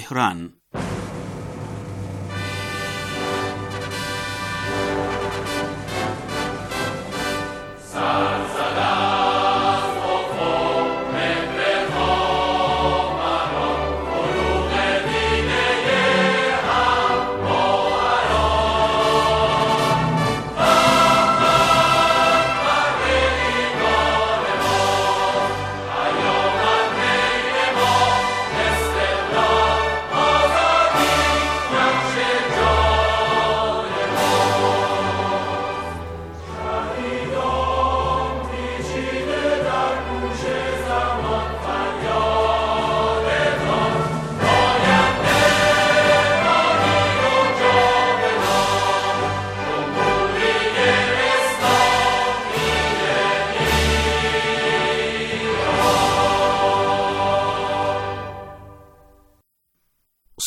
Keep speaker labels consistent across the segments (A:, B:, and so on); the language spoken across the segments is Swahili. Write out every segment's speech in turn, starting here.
A: Tehran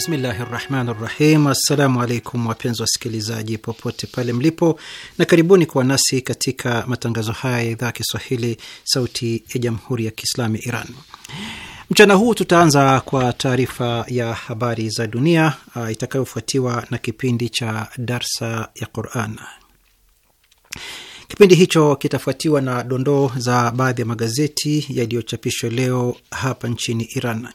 A: Bismillahi rahmani rahim. Assalamu alaikum wapenzi wasikilizaji popote pale mlipo, na karibuni kuwa nasi katika matangazo haya ya idhaa ya Kiswahili sauti ya jamhuri ya Kiislamu ya Iran. Mchana huu tutaanza kwa taarifa ya habari za dunia uh, itakayofuatiwa na kipindi cha darsa ya Quran. Kipindi hicho kitafuatiwa na dondoo za baadhi ya magazeti ya magazeti yaliyochapishwa leo hapa nchini Iran.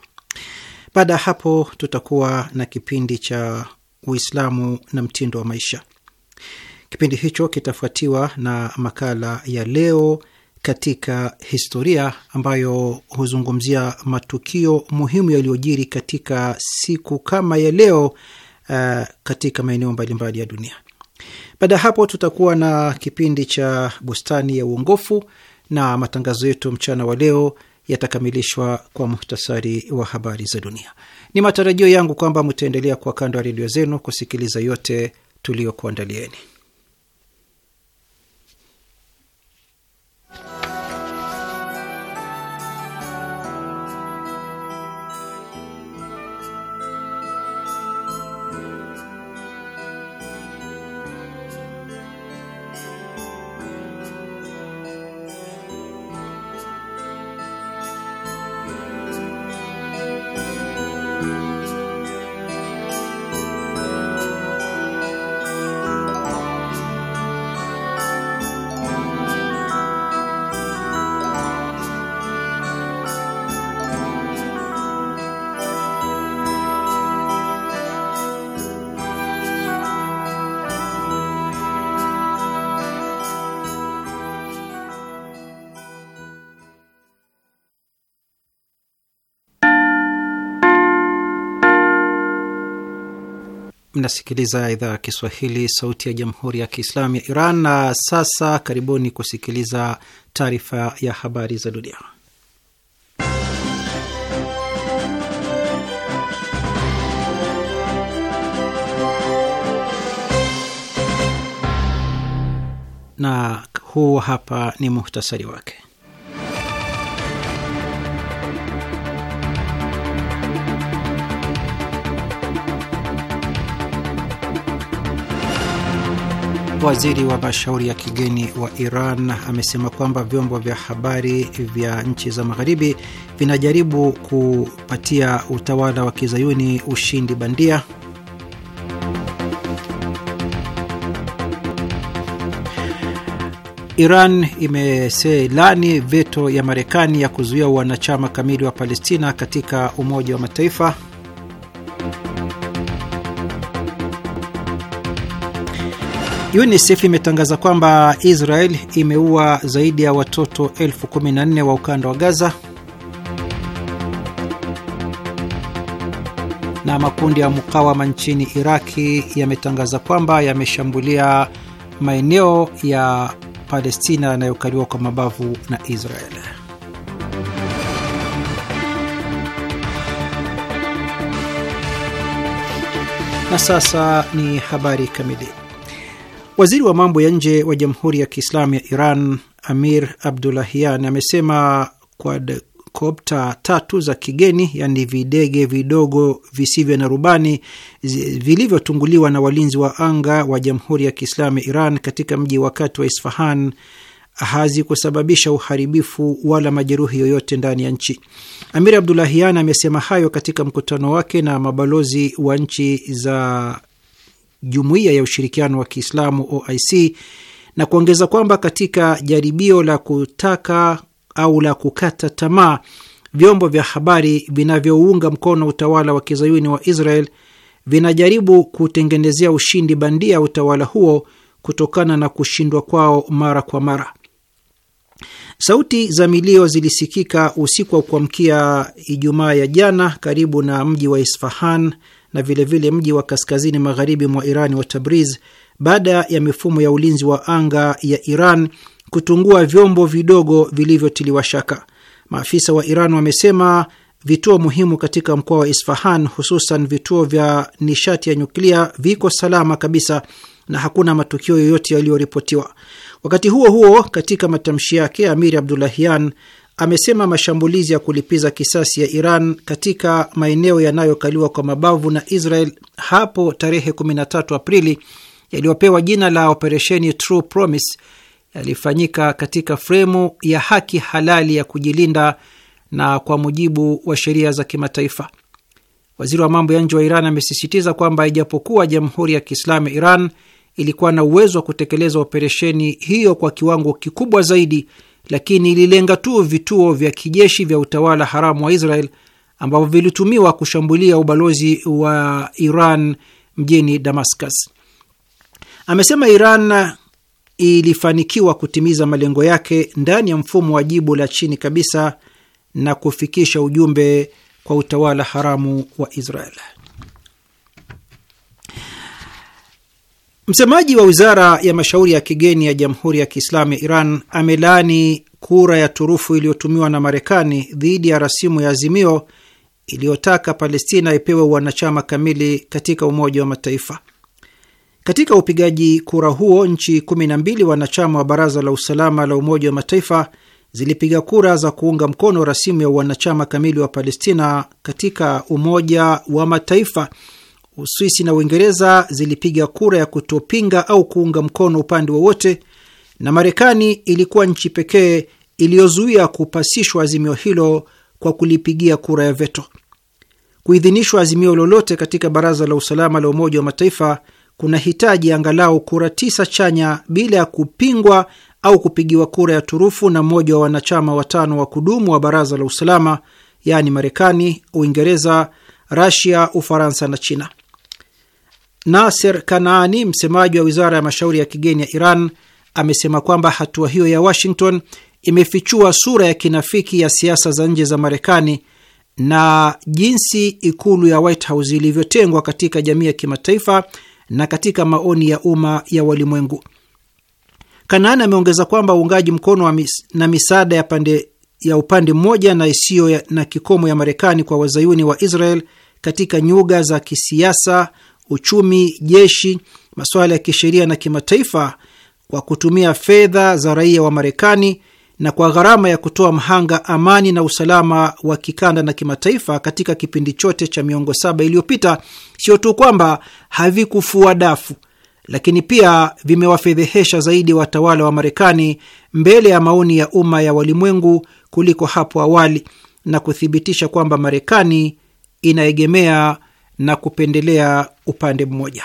A: Baada ya hapo, tutakuwa na kipindi cha Uislamu na mtindo wa maisha. Kipindi hicho kitafuatiwa na makala ya leo katika historia ambayo huzungumzia matukio muhimu yaliyojiri katika siku kama ya leo uh, katika maeneo mbalimbali ya dunia. Baada ya hapo, tutakuwa na kipindi cha bustani ya uongofu na matangazo yetu mchana wa leo yatakamilishwa kwa muhtasari wa habari za dunia. Ni matarajio yangu kwamba mtaendelea kwa kando ya redio zenu kusikiliza yote tuliyokuandalieni. nasikiliza idhaa ya Kiswahili, sauti ya jamhuri ya kiislamu ya Iran. Na sasa karibuni kusikiliza taarifa ya habari za dunia, na huu hapa ni muhtasari wake. Waziri wa mashauri ya kigeni wa Iran amesema kwamba vyombo vya habari vya nchi za magharibi vinajaribu kupatia utawala wa kizayuni ushindi bandia. Iran imeselani veto ya Marekani ya kuzuia wanachama kamili wa Palestina katika Umoja wa Mataifa. UNICEF imetangaza kwamba Israel imeua zaidi ya watoto elfu 14 wa ukanda wa Gaza. Na makundi ya mukawama nchini Iraki yametangaza kwamba yameshambulia maeneo ya Palestina yanayokaliwa kwa mabavu na Israel. Na sasa ni habari kamili. Waziri wa mambo ya nje wa Jamhuri ya Kiislamu ya Iran Amir Abdulahian amesema kopta tatu za kigeni, yani videge vidogo visivyo na rubani vilivyotunguliwa na walinzi wa anga wa Jamhuri ya Kiislamu ya Iran katika mji wakati wa Isfahan hazikusababisha uharibifu wala majeruhi yoyote ndani ya nchi. Amir Abdulahian amesema hayo katika mkutano wake na mabalozi wa nchi za jumuiya ya ushirikiano wa Kiislamu OIC na kuongeza kwamba katika jaribio la kutaka au la kukata tamaa, vyombo vya habari vinavyounga mkono utawala wa kizayuni wa Israel vinajaribu kutengenezea ushindi bandia utawala huo kutokana na kushindwa kwao mara kwa mara. Sauti za milio zilisikika usiku wa kuamkia Ijumaa ya jana karibu na mji wa Isfahan na vilevile vile mji wa kaskazini magharibi mwa Irani wa Tabriz baada ya mifumo ya ulinzi wa anga ya Iran kutungua vyombo vidogo vilivyotiliwa shaka. Maafisa wa Iran wamesema vituo muhimu katika mkoa wa Isfahan, hususan vituo vya nishati ya nyuklia, viko salama kabisa na hakuna matukio yoyote yaliyoripotiwa. Wakati huo huo, katika matamshi yake, Amir Abdulahian amesema mashambulizi ya kulipiza kisasi ya Iran katika maeneo yanayokaliwa kwa mabavu na Israel hapo tarehe 13 Aprili yaliyopewa jina la operesheni True Promise yalifanyika katika fremu ya haki halali ya kujilinda na kwa mujibu wa sheria za kimataifa. Waziri wa mambo ya nje wa Iran amesisitiza kwamba ijapokuwa Jamhuri ya Kiislamu Iran ilikuwa na uwezo wa kutekeleza operesheni hiyo kwa kiwango kikubwa zaidi lakini ililenga tu vituo vya kijeshi vya utawala haramu wa Israel ambavyo vilitumiwa kushambulia ubalozi wa Iran mjini Damascus. Amesema Iran ilifanikiwa kutimiza malengo yake ndani ya mfumo wa jibu la chini kabisa na kufikisha ujumbe kwa utawala haramu wa Israel. Msemaji wa wizara ya mashauri ya kigeni ya Jamhuri ya Kiislamu ya Iran amelaani kura ya turufu iliyotumiwa na Marekani dhidi ya rasimu ya azimio iliyotaka Palestina ipewe wanachama kamili katika Umoja wa Mataifa. Katika upigaji kura huo, nchi 12 wanachama wa Baraza la Usalama la Umoja wa Mataifa zilipiga kura za kuunga mkono rasimu ya wanachama kamili wa Palestina katika Umoja wa Mataifa Uswisi na Uingereza zilipiga kura ya kutopinga au kuunga mkono upande wowote, na Marekani ilikuwa nchi pekee iliyozuia kupasishwa azimio hilo kwa kulipigia kura ya veto. Kuidhinishwa azimio lolote katika Baraza la Usalama la Umoja wa Mataifa kuna hitaji angalau kura tisa chanya bila ya kupingwa au kupigiwa kura ya turufu na mmoja wa wanachama watano wa kudumu wa Baraza la Usalama, yaani Marekani, Uingereza, Rasia, Ufaransa na China. Nasser Kanaani, msemaji wa wizara ya mashauri ya kigeni ya Iran, amesema kwamba hatua hiyo ya Washington imefichua sura ya kinafiki ya siasa za nje za Marekani na jinsi ikulu ya White House ilivyotengwa katika jamii ya kimataifa na katika maoni ya umma ya walimwengu. Kanaani ameongeza kwamba uungaji mkono wa mis, na misaada ya pande ya upande mmoja na isiyo na kikomo ya Marekani kwa wazayuni wa Israel katika nyuga za kisiasa, uchumi, jeshi, masuala ya kisheria na kimataifa kwa kutumia fedha za raia wa Marekani na kwa gharama ya kutoa mhanga amani na usalama wa kikanda na kimataifa katika kipindi chote cha miongo saba iliyopita, sio tu kwamba havikufua dafu, lakini pia vimewafedhehesha zaidi watawala wa Marekani mbele ya maoni ya umma ya walimwengu kuliko hapo awali na kuthibitisha kwamba Marekani inaegemea na kupendelea upande mmoja.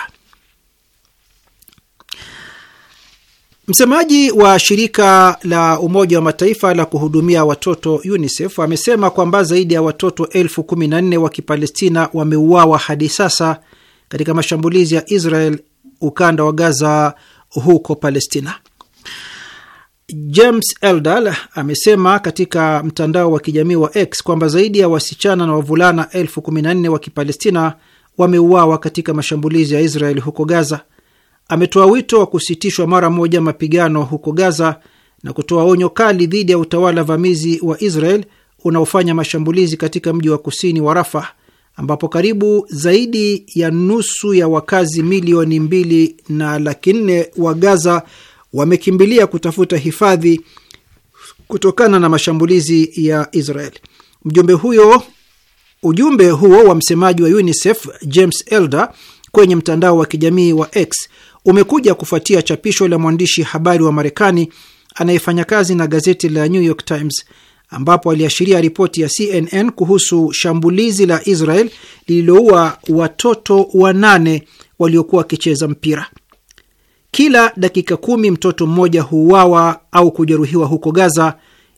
A: Msemaji wa shirika la Umoja wa Mataifa la kuhudumia watoto UNICEF amesema kwamba zaidi ya watoto elfu kumi na nne wa Kipalestina wameuawa hadi sasa katika mashambulizi ya Israel ukanda wa Gaza huko Palestina. James Eldal amesema katika mtandao wa kijamii wa X kwamba zaidi ya wasichana na wavulana elfu kumi na nne wa Kipalestina wameuawa katika mashambulizi ya Israeli huko Gaza. Ametoa wito wa kusitishwa mara moja mapigano huko Gaza na kutoa onyo kali dhidi ya utawala vamizi wa Israel unaofanya mashambulizi katika mji wa kusini wa Rafa ambapo karibu zaidi ya nusu ya wakazi milioni mbili na laki nne wa Gaza wamekimbilia kutafuta hifadhi kutokana na mashambulizi ya israel Mjumbe huyo ujumbe huo wa msemaji wa UNICEF James Elder kwenye mtandao wa kijamii wa X umekuja kufuatia chapisho la mwandishi habari wa Marekani anayefanya kazi na gazeti la New York Times ambapo aliashiria ripoti ya CNN kuhusu shambulizi la Israel lililoua watoto wanane waliokuwa wakicheza mpira kila dakika kumi mtoto mmoja huuawa au kujeruhiwa huko Gaza,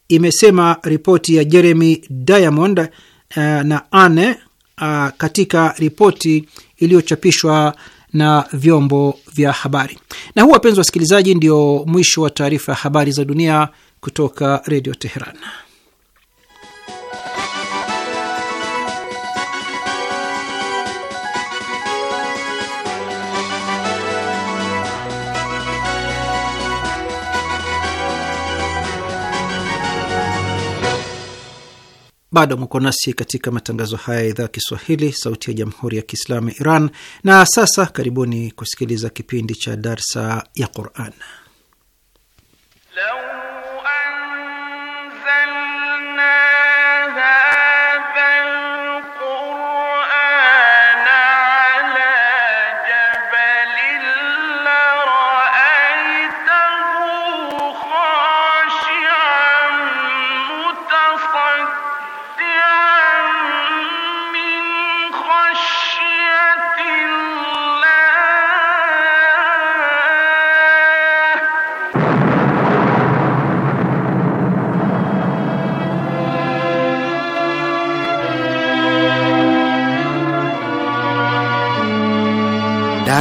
A: imesema ripoti ya Jeremy Diamond uh, na Anne uh, katika ripoti iliyochapishwa na vyombo vya habari. Na huu, wapenzi wasikilizaji, ndio mwisho wa taarifa ya habari za dunia kutoka Redio Teheran. Bado mko nasi katika matangazo haya ya idhaa Kiswahili, sauti ya jamhuri ya kiislamu ya Iran. Na sasa karibuni kusikiliza kipindi cha darsa ya Quran.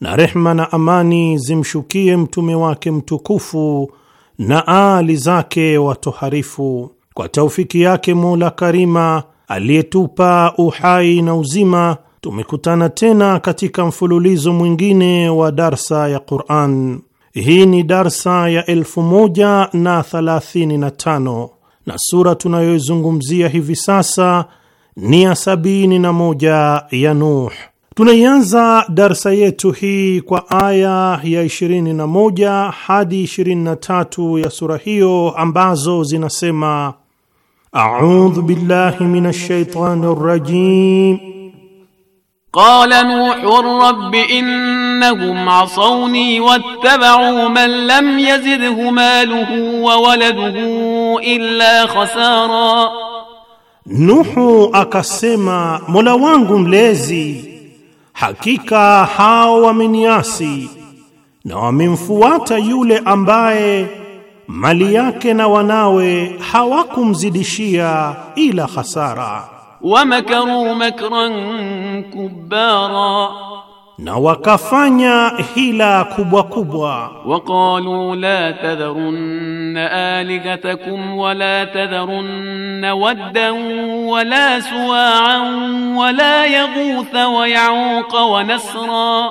B: na rehma na amani zimshukie mtume wake mtukufu na aali zake watoharifu. Kwa taufiki yake Mola Karima aliyetupa uhai na uzima, tumekutana tena katika mfululizo mwingine wa darsa ya Quran. Hii ni darsa ya 1135 na na na sura tunayoizungumzia hivi sasa ni ya 71 ya Nuh. Tunaianza darsa yetu hii kwa aya ya 21 hadi 23 ya sura hiyo ambazo zinasema: audhu billahi minash shaitani rajim
C: qala nuhu rabbi innahum asawni wattabau man lam yazidhu maluhu wa waladuhu illa khasara,
B: Nuhu akasema mola wangu mlezi Hakika hao wameniasi na wamemfuata yule ambaye mali yake na wanawe hawakumzidishia ila hasara.
C: Wamakaru makran kubara na
B: wakafanya hila kubwa kubwa.
C: Waqalu la tadharunna alihatakum wala tadharunna waddan wala suwa'an wala yaghutha wa yauqa wa nasra,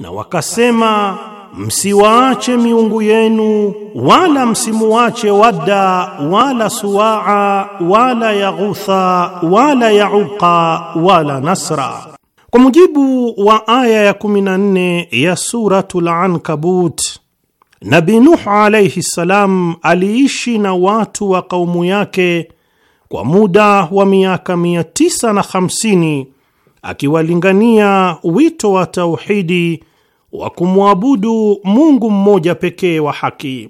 B: na wakasema msiwaache miungu yenu wala msimuache Wadda wala Suwaa wala Yaghutha wala Yauqa wala Nasra kwa mujibu wa aya ya 14 ya Suratul Ankabut, Nabi Nuh alayhi ssalam aliishi na watu wa kaumu yake kwa muda wa miaka 950 akiwalingania wito wa tauhidi wa kumwabudu Mungu mmoja pekee wa haki.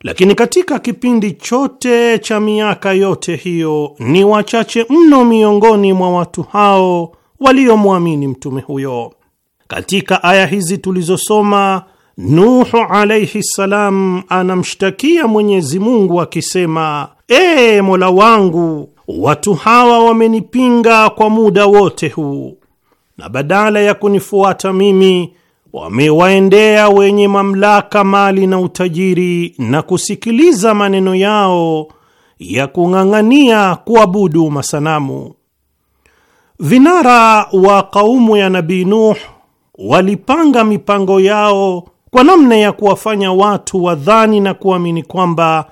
B: Lakini katika kipindi chote cha miaka yote hiyo, ni wachache mno miongoni mwa watu hao waliomwamini mtume huyo. Katika aya hizi tulizosoma, Nuhu alaihi ssalam anamshtakia Mwenyezi Mungu akisema, ee Mola wangu, watu hawa wamenipinga kwa muda wote huu, na badala ya kunifuata mimi wamewaendea wenye mamlaka, mali na utajiri, na kusikiliza maneno yao ya kung'ang'ania kuabudu masanamu. Vinara wa kaumu ya Nabii Nuh walipanga mipango yao kwa namna ya kuwafanya watu wadhani na kuamini kwamba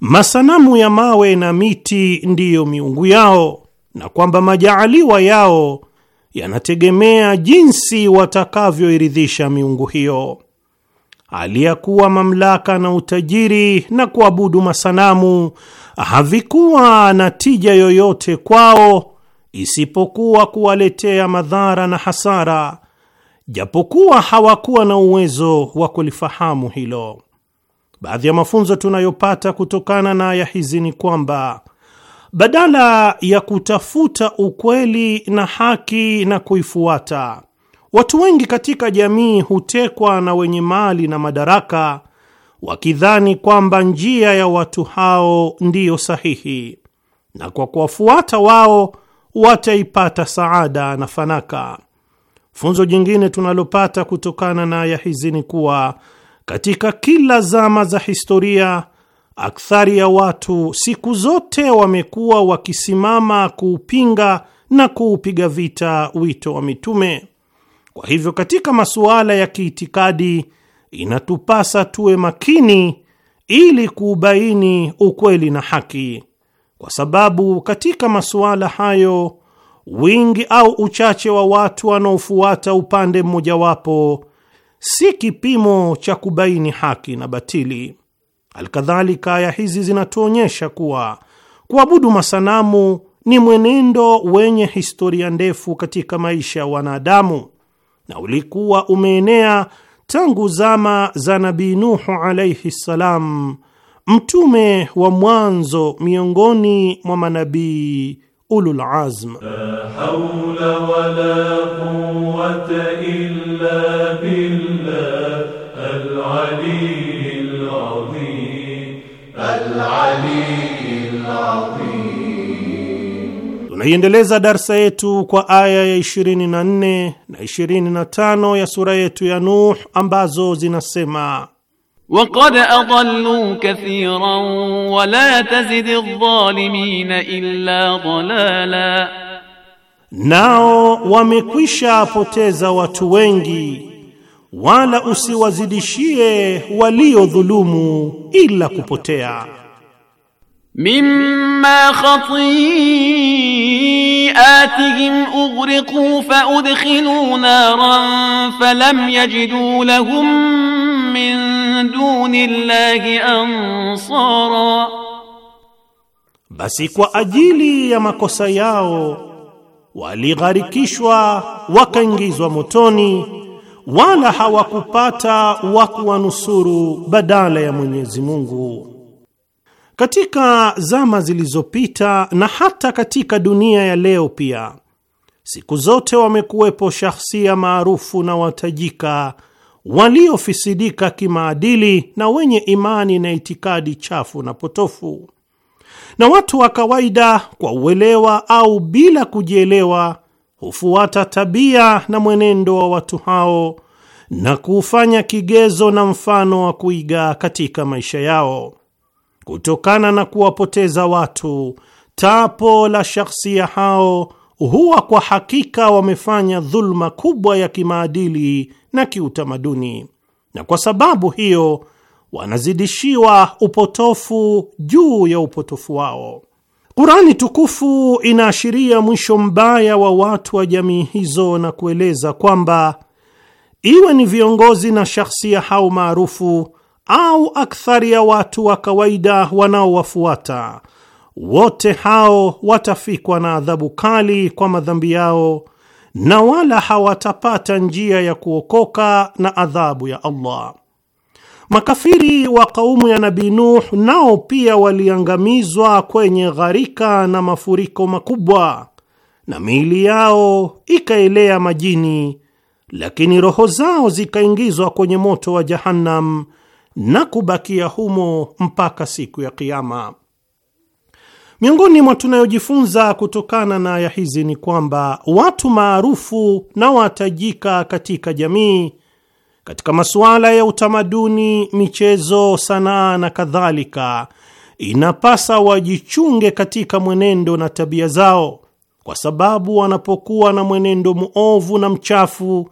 B: masanamu ya mawe na miti ndiyo miungu yao na kwamba majaaliwa yao yanategemea jinsi watakavyoiridhisha miungu hiyo. Hali mamlaka na utajiri na kuabudu masanamu havikuwa na tija yoyote kwao isipokuwa kuwaletea madhara na hasara, japokuwa hawakuwa na uwezo wa kulifahamu hilo. Baadhi ya mafunzo tunayopata kutokana na aya hizi ni kwamba badala ya kutafuta ukweli na haki na kuifuata, watu wengi katika jamii hutekwa na wenye mali na madaraka, wakidhani kwamba njia ya watu hao ndiyo sahihi, na kwa kuwafuata wao wataipata saada na fanaka. Funzo jingine tunalopata kutokana na aya hizi ni kuwa katika kila zama za historia, akthari ya watu siku zote wamekuwa wakisimama kuupinga na kuupiga vita wito wa mitume. Kwa hivyo, katika masuala ya kiitikadi inatupasa tuwe makini ili kuubaini ukweli na haki kwa sababu katika masuala hayo wingi au uchache wa watu wanaofuata upande mmojawapo si kipimo cha kubaini haki na batili. Alkadhalika, aya hizi zinatuonyesha kuwa kuabudu masanamu ni mwenendo wenye historia ndefu katika maisha ya wanadamu na ulikuwa umeenea tangu zama za Nabii Nuhu alaihi ssalam mtume wa mwanzo miongoni mwa manabii ulul azm. Tunaiendeleza darsa yetu kwa aya ya 24 na 25 ya sura yetu ya Nuh ambazo zinasema
C: وقد أضلوا كثيرا ولا تزد الظالمين إلا ضلالا
B: Nao wamekwisha poteza watu wengi wala usiwazidishie waliodhulumu ila kupotea.
C: Mimma خطيئاتهم أغرقوا فأدخلوا نارا فلم يجدوا لهم min duni llahi
D: ansara,
B: basi
C: kwa ajili ya
B: makosa yao waligharikishwa wakaingizwa motoni, wala hawakupata wa kuwanusuru badala ya Mwenyezi Mungu. Katika zama zilizopita na hata katika dunia ya leo pia, siku zote wamekuwepo shahsia maarufu na watajika waliofisidika kimaadili na wenye imani na itikadi chafu na potofu. Na watu wa kawaida, kwa uelewa au bila kujielewa, hufuata tabia na mwenendo wa watu hao na kuufanya kigezo na mfano wa kuiga katika maisha yao. Kutokana na kuwapoteza watu, tapo la shakhsia hao huwa kwa hakika wamefanya dhulma kubwa ya kimaadili na kiutamaduni, na kwa sababu hiyo wanazidishiwa upotofu juu ya upotofu wao. Kurani tukufu inaashiria mwisho mbaya wa watu wa jamii hizo na kueleza kwamba iwe ni viongozi na shahsia hao maarufu au akthari ya watu wa kawaida wanaowafuata wote hao watafikwa na adhabu kali kwa madhambi yao na wala hawatapata njia ya kuokoka na adhabu ya Allah. Makafiri wa kaumu ya Nabii Nuh nao pia waliangamizwa kwenye gharika na mafuriko makubwa, na miili yao ikaelea majini, lakini roho zao zikaingizwa kwenye moto wa Jahannam na kubakia humo mpaka siku ya Kiyama. Miongoni mwa tunayojifunza kutokana na aya hizi ni kwamba watu maarufu na watajika katika jamii, katika masuala ya utamaduni, michezo, sanaa na kadhalika, inapasa wajichunge katika mwenendo na tabia zao, kwa sababu wanapokuwa na mwenendo muovu na mchafu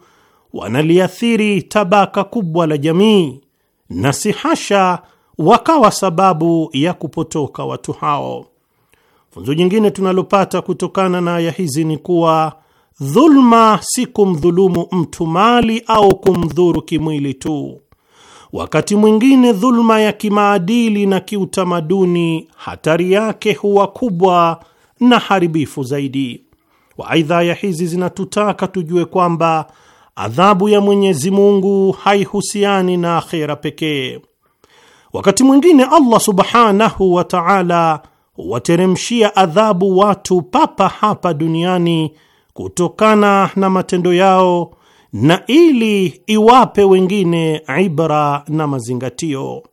B: wanaliathiri tabaka kubwa la jamii, na si hasha wakawa sababu ya kupotoka watu hao. Funzo jingine tunalopata kutokana na aya hizi ni kuwa dhulma si kumdhulumu mtu mali au kumdhuru kimwili tu. Wakati mwingine dhulma ya kimaadili na kiutamaduni, hatari yake huwa kubwa na haribifu zaidi. Waaidha, aya hizi zinatutaka tujue kwamba adhabu ya Mwenyezi Mungu haihusiani na akhera pekee. Wakati mwingine Allah subhanahu wa ta'ala huwateremshia adhabu watu papa hapa duniani kutokana na matendo yao na ili iwape wengine ibra na mazingatio.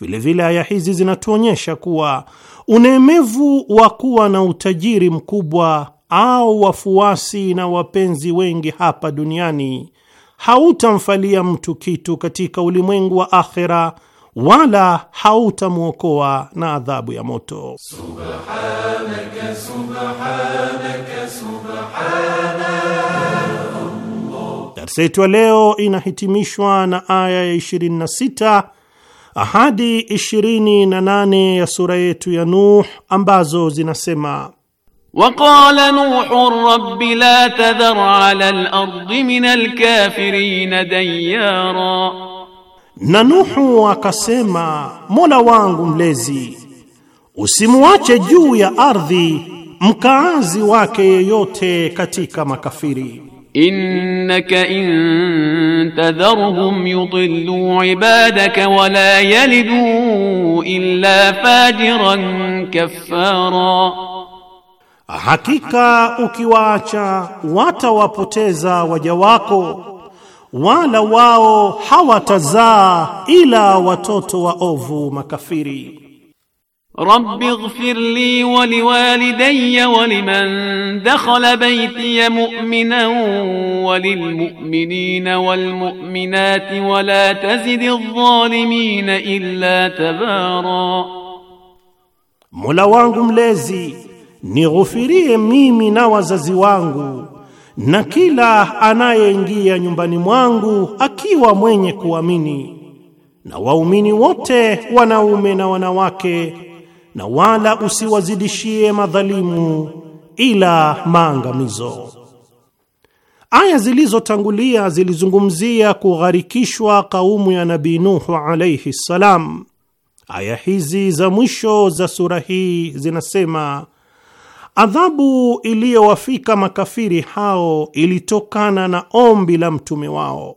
B: Vilevile aya hizi zinatuonyesha kuwa unemevu wa kuwa na utajiri mkubwa au wafuasi na wapenzi wengi hapa duniani hautamfalia mtu kitu katika ulimwengu wa akhera wala hautamwokoa na adhabu ya moto.
D: Subhanaka, subhanaka, subhanaka.
B: Darsa yetu ya leo inahitimishwa na aya ya 26 ahadi 28 ya sura yetu ya Nuh ambazo zinasema
C: Waqala Nuhu rabbi la tadhar ala al-ardi min al-kafirin dayyara
B: na Nuhu akasema, Mola wangu mlezi, usimuache juu ya ardhi mkaazi wake yeyote katika makafiri.
C: Innaka in tadharhum yudillu ibadaka wala yalidu illa fajiran kaffara,
B: hakika ukiwaacha watawapoteza waja wako wala wao hawatazaa ila watoto wa ovu
C: makafiri. Rabbi ighfir li wa liwalidayya wa liman dakhala baytiya mu'minan wa lilmu'minina wal mu'minati wa la tazid adh-dhalimina illa tabara,
B: Mola wangu mlezi nighufirie mimi na wazazi wangu na kila anayeingia nyumbani mwangu akiwa mwenye kuamini, na waumini wote wanaume na wanawake, na wala usiwazidishie madhalimu ila maangamizo. Aya zilizotangulia zilizungumzia kugharikishwa kaumu ya Nabii Nuhu alayhi salam. Aya hizi za mwisho za sura hii zinasema Adhabu iliyowafika makafiri hao ilitokana na ombi la mtume wao.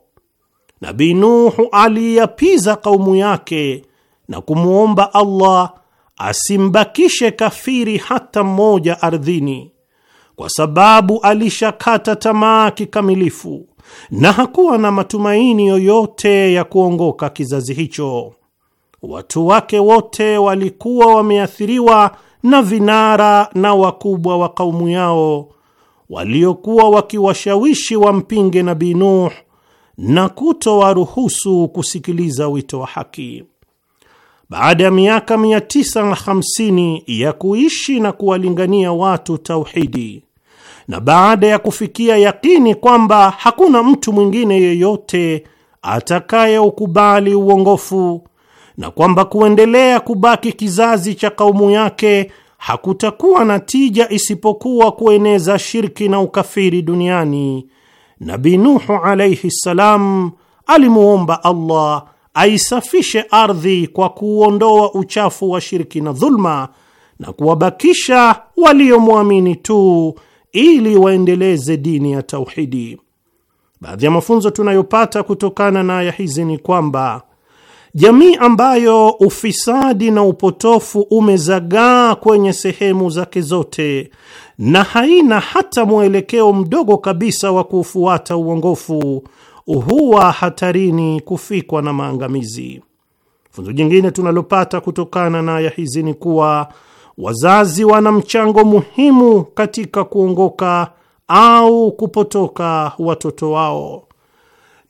B: nabi Nuhu aliyapiza kaumu yake na kumwomba Allah asimbakishe kafiri hata mmoja ardhini, kwa sababu alishakata tamaa kikamilifu na hakuwa na matumaini yoyote ya kuongoka kizazi hicho. Watu wake wote walikuwa wameathiriwa na vinara na wakubwa wa kaumu yao waliokuwa wakiwashawishi wampinge Nabii Nuh na kutowaruhusu kusikiliza wito wa haki. Baada ya miaka 950 ya kuishi na kuwalingania watu tauhidi na baada ya kufikia yakini kwamba hakuna mtu mwingine yeyote atakayeukubali uongofu na kwamba kuendelea kubaki kizazi cha kaumu yake hakutakuwa na tija isipokuwa kueneza shirki na ukafiri duniani. nabi Nuhu alaihi ssalam alimuomba Allah aisafishe ardhi kwa kuuondoa uchafu wa shirki na dhulma na kuwabakisha waliomwamini tu ili waendeleze dini ya tauhidi. Baadhi ya mafunzo tunayopata kutokana na aya hizi ni kwamba Jamii ambayo ufisadi na upotofu umezagaa kwenye sehemu zake zote na haina hata mwelekeo mdogo kabisa wa kuufuata uongofu huwa hatarini kufikwa na maangamizi. Funzo jingine tunalopata kutokana na aya hizi ni kuwa wazazi wana mchango muhimu katika kuongoka au kupotoka watoto wao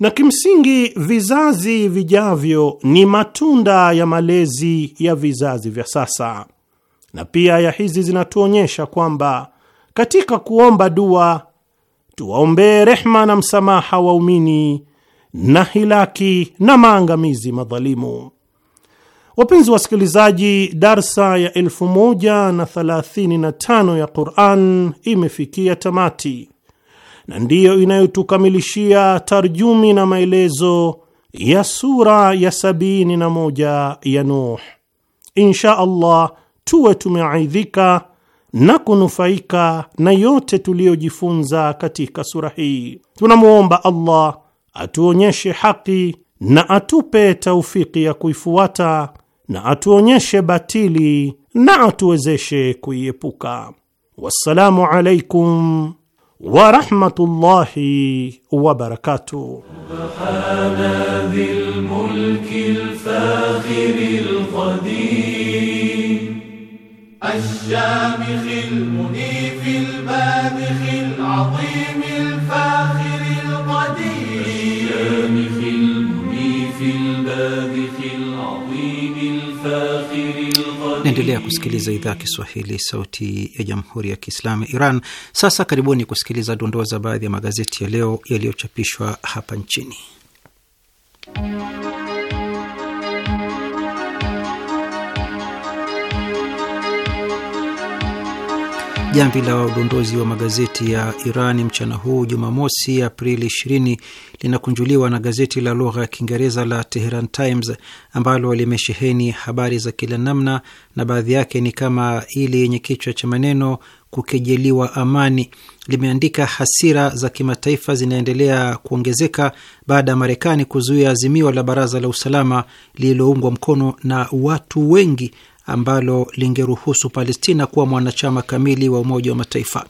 B: na kimsingi vizazi vijavyo ni matunda ya malezi ya vizazi vya sasa. Na pia ya hizi zinatuonyesha kwamba katika kuomba dua tuwaombee rehma na msamaha waumini na hilaki na maangamizi madhalimu. Wapenzi wasikilizaji, darsa ya 1035 ya Qur'an imefikia tamati na ndiyo inayotukamilishia tarjumi na maelezo ya sura ya sabini na moja ya Nuh. Insha Allah tuwe tumeaidhika na kunufaika na yote tuliyojifunza katika sura hii. Tunamwomba Allah atuonyeshe haki na atupe taufiki ya kuifuata na atuonyeshe batili na atuwezeshe kuiepuka. Wassalamu alaikum ورحمة الله وبركاته
D: سبحان الملك الفاخر القدير الشامخ المنيف البادخ العظيم الفاخر القدير الشامخ المنيف البادخ العظيم
A: الفاخر Naendelea kusikiliza idhaa ya Kiswahili, sauti ya jamhuri ya kiislamu ya Iran. Sasa karibuni kusikiliza dondoo za baadhi ya magazeti ya leo yaliyochapishwa hapa nchini. Jamvi la udondozi wa magazeti ya Iran mchana huu Jumamosi, Aprili 20 linakunjuliwa na gazeti la lugha ya Kiingereza la Teheran Times ambalo limesheheni habari za kila namna, na baadhi yake ni kama ile yenye kichwa cha maneno kukejeliwa amani. Limeandika hasira za kimataifa zinaendelea kuongezeka baada ya Marekani kuzuia azimio la Baraza la Usalama lililoungwa mkono na watu wengi ambalo lingeruhusu Palestina kuwa mwanachama kamili wa Umoja wa Mataifa.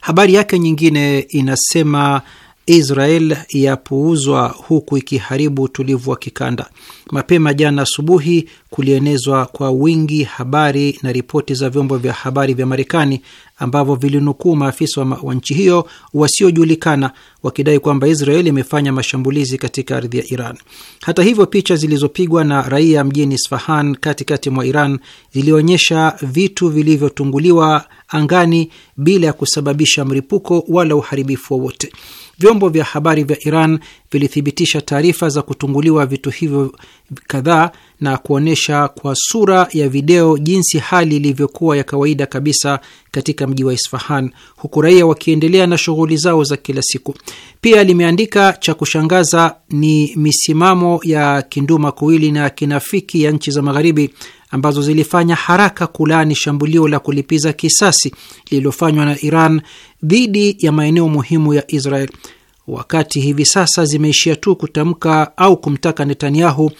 A: Habari yake nyingine inasema Israel yapuuzwa huku ikiharibu utulivu wa kikanda. Mapema jana asubuhi, kulienezwa kwa wingi habari na ripoti za vyombo vya habari vya Marekani ambavyo vilinukuu maafisa wa nchi hiyo wasiojulikana wakidai kwamba Israel imefanya mashambulizi katika ardhi ya Iran. Hata hivyo, picha zilizopigwa na raia mjini Isfahan katikati mwa Iran zilionyesha vitu vilivyotunguliwa angani bila ya kusababisha mlipuko wala uharibifu wowote. Vyombo vya habari vya Iran vilithibitisha taarifa za kutunguliwa vitu hivyo kadhaa na kuonyesha kwa sura ya video jinsi hali ilivyokuwa ya kawaida kabisa katika mji wa Isfahan, huku raia wakiendelea na shughuli zao za kila siku. Pia limeandika cha kushangaza ni misimamo ya kinduma kuwili na kinafiki ya nchi za Magharibi ambazo zilifanya haraka kulaani shambulio la kulipiza kisasi lililofanywa na Iran dhidi ya maeneo muhimu ya Israel, wakati hivi sasa zimeishia tu kutamka au kumtaka Netanyahu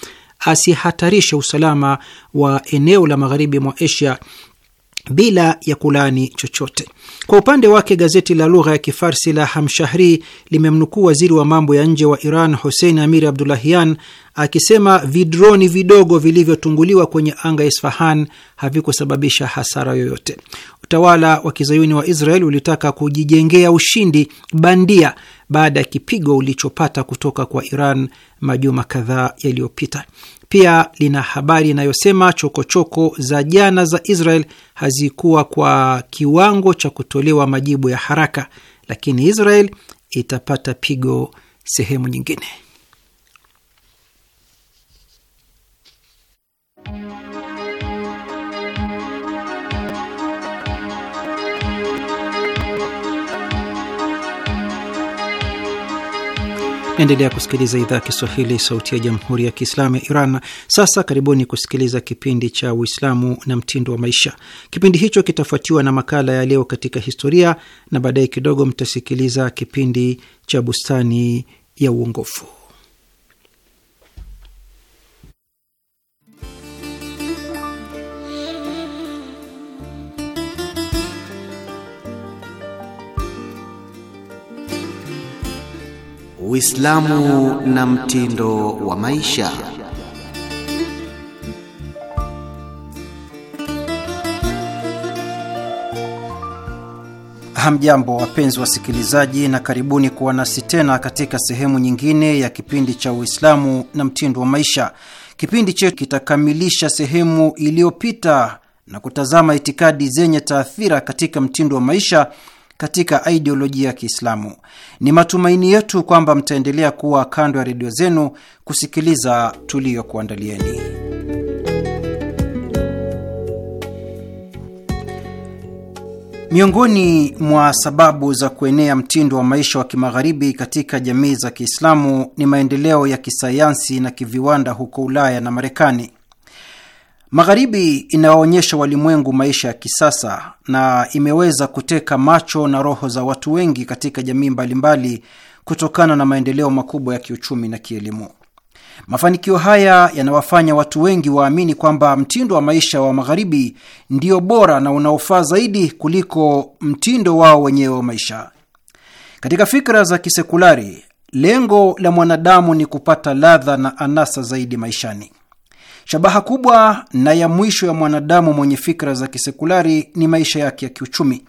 A: asihatarishe usalama wa eneo la magharibi mwa Asia bila ya kulani chochote. Kwa upande wake, gazeti la lugha ya Kifarsi la Hamshahri limemnukuu waziri wa mambo ya nje wa Iran Hussein Amir Abdullahian akisema vidroni vidogo vilivyotunguliwa kwenye anga ya Isfahan havikusababisha hasara yoyote. Utawala wa kizayuni wa Israel ulitaka kujijengea ushindi bandia baada ya kipigo ulichopata kutoka kwa Iran majuma kadhaa yaliyopita. Pia lina habari inayosema chokochoko za jana za Israel hazikuwa kwa kiwango cha kutolewa majibu ya haraka, lakini Israel itapata pigo sehemu nyingine. Naendelea kusikiliza idhaa ya Kiswahili, sauti ya jamhuri ya kiislamu ya Iran. Sasa karibuni kusikiliza kipindi cha Uislamu na mtindo wa maisha. Kipindi hicho kitafuatiwa na makala ya leo katika historia, na baadaye kidogo mtasikiliza kipindi cha bustani ya uongofu.
E: Uislamu na mtindo wa maisha.
A: Hamjambo wapenzi wasikilizaji, na karibuni kuwa nasi tena katika sehemu nyingine ya kipindi cha Uislamu na mtindo wa maisha. Kipindi chetu kitakamilisha sehemu iliyopita na kutazama itikadi zenye taathira katika mtindo wa maisha katika idiolojia ya Kiislamu. Ni matumaini yetu kwamba mtaendelea kuwa kando ya redio zenu kusikiliza tuliyokuandalieni. Miongoni mwa sababu za kuenea mtindo wa maisha wa kimagharibi katika jamii za Kiislamu ni maendeleo ya kisayansi na kiviwanda huko Ulaya na Marekani. Magharibi inawaonyesha walimwengu maisha ya kisasa na imeweza kuteka macho na roho za watu wengi katika jamii mbalimbali kutokana na maendeleo makubwa ya kiuchumi na kielimu. Mafanikio haya yanawafanya watu wengi waamini kwamba mtindo wa maisha wa Magharibi ndio bora na unaofaa zaidi kuliko mtindo wao wenyewe wa maisha. Katika fikra za kisekulari, lengo la mwanadamu ni kupata ladha na anasa zaidi maishani. Shabaha kubwa na ya mwisho ya mwanadamu mwenye fikra za kisekulari ni maisha yake ya kiuchumi.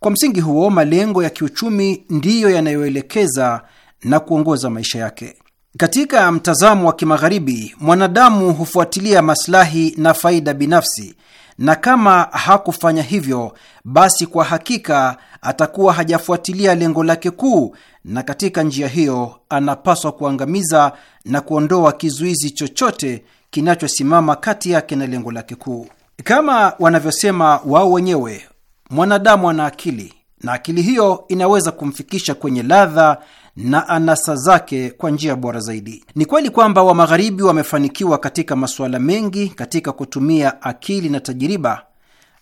A: Kwa msingi huo, malengo ya kiuchumi ndiyo yanayoelekeza na kuongoza maisha yake. Katika mtazamo wa kimagharibi, mwanadamu hufuatilia maslahi na faida binafsi, na kama hakufanya hivyo, basi kwa hakika atakuwa hajafuatilia lengo lake kuu, na katika njia hiyo anapaswa kuangamiza na kuondoa kizuizi chochote kinachosimama kati yake na lengo lake kuu. Kama wanavyosema wao wenyewe, mwanadamu ana akili na akili hiyo inaweza kumfikisha kwenye ladha na anasa zake kwa njia bora zaidi. Ni kweli kwamba wa Magharibi wamefanikiwa katika masuala mengi katika kutumia akili na tajiriba,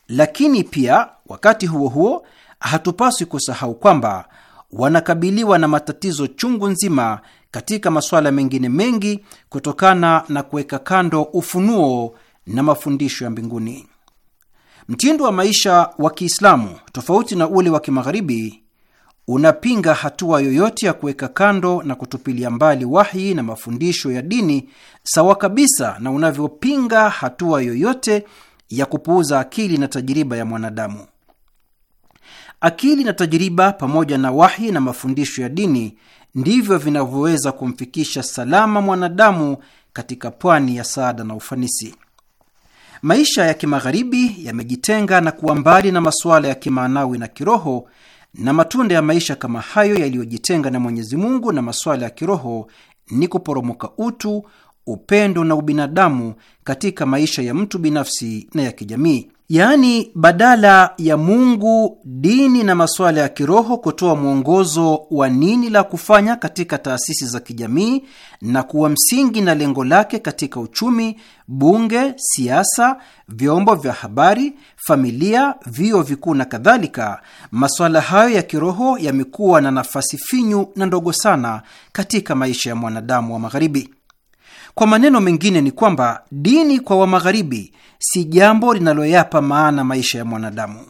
A: lakini pia wakati huo huo hatupaswi kusahau kwamba wanakabiliwa na matatizo chungu nzima katika masuala mengine mengi kutokana na kuweka kando ufunuo na mafundisho ya mbinguni. Mtindo wa maisha wa Kiislamu, tofauti na ule wa Kimagharibi, unapinga hatua yoyote ya kuweka kando na kutupilia mbali wahi na mafundisho ya dini, sawa kabisa na unavyopinga hatua yoyote ya kupuuza akili na tajiriba ya mwanadamu. Akili na tajiriba pamoja na wahi na mafundisho ya dini ndivyo vinavyoweza kumfikisha salama mwanadamu katika pwani ya saada na ufanisi. Maisha ya kimagharibi yamejitenga na kuwa mbali na masuala ya kimaanawi na kiroho, na matunda ya maisha kama hayo yaliyojitenga na Mwenyezi Mungu na masuala ya kiroho ni kuporomoka utu, upendo na ubinadamu katika maisha ya mtu binafsi na ya kijamii yaani badala ya Mungu, dini na masuala ya kiroho kutoa mwongozo wa nini la kufanya katika taasisi za kijamii na kuwa msingi na lengo lake katika uchumi, bunge, siasa, vyombo vya habari, familia, vyuo vikuu na kadhalika, masuala hayo ya kiroho yamekuwa na nafasi finyu na ndogo sana katika maisha ya mwanadamu wa Magharibi. Kwa maneno mengine, ni kwamba dini kwa Wamagharibi si jambo linaloyapa maana maisha ya mwanadamu.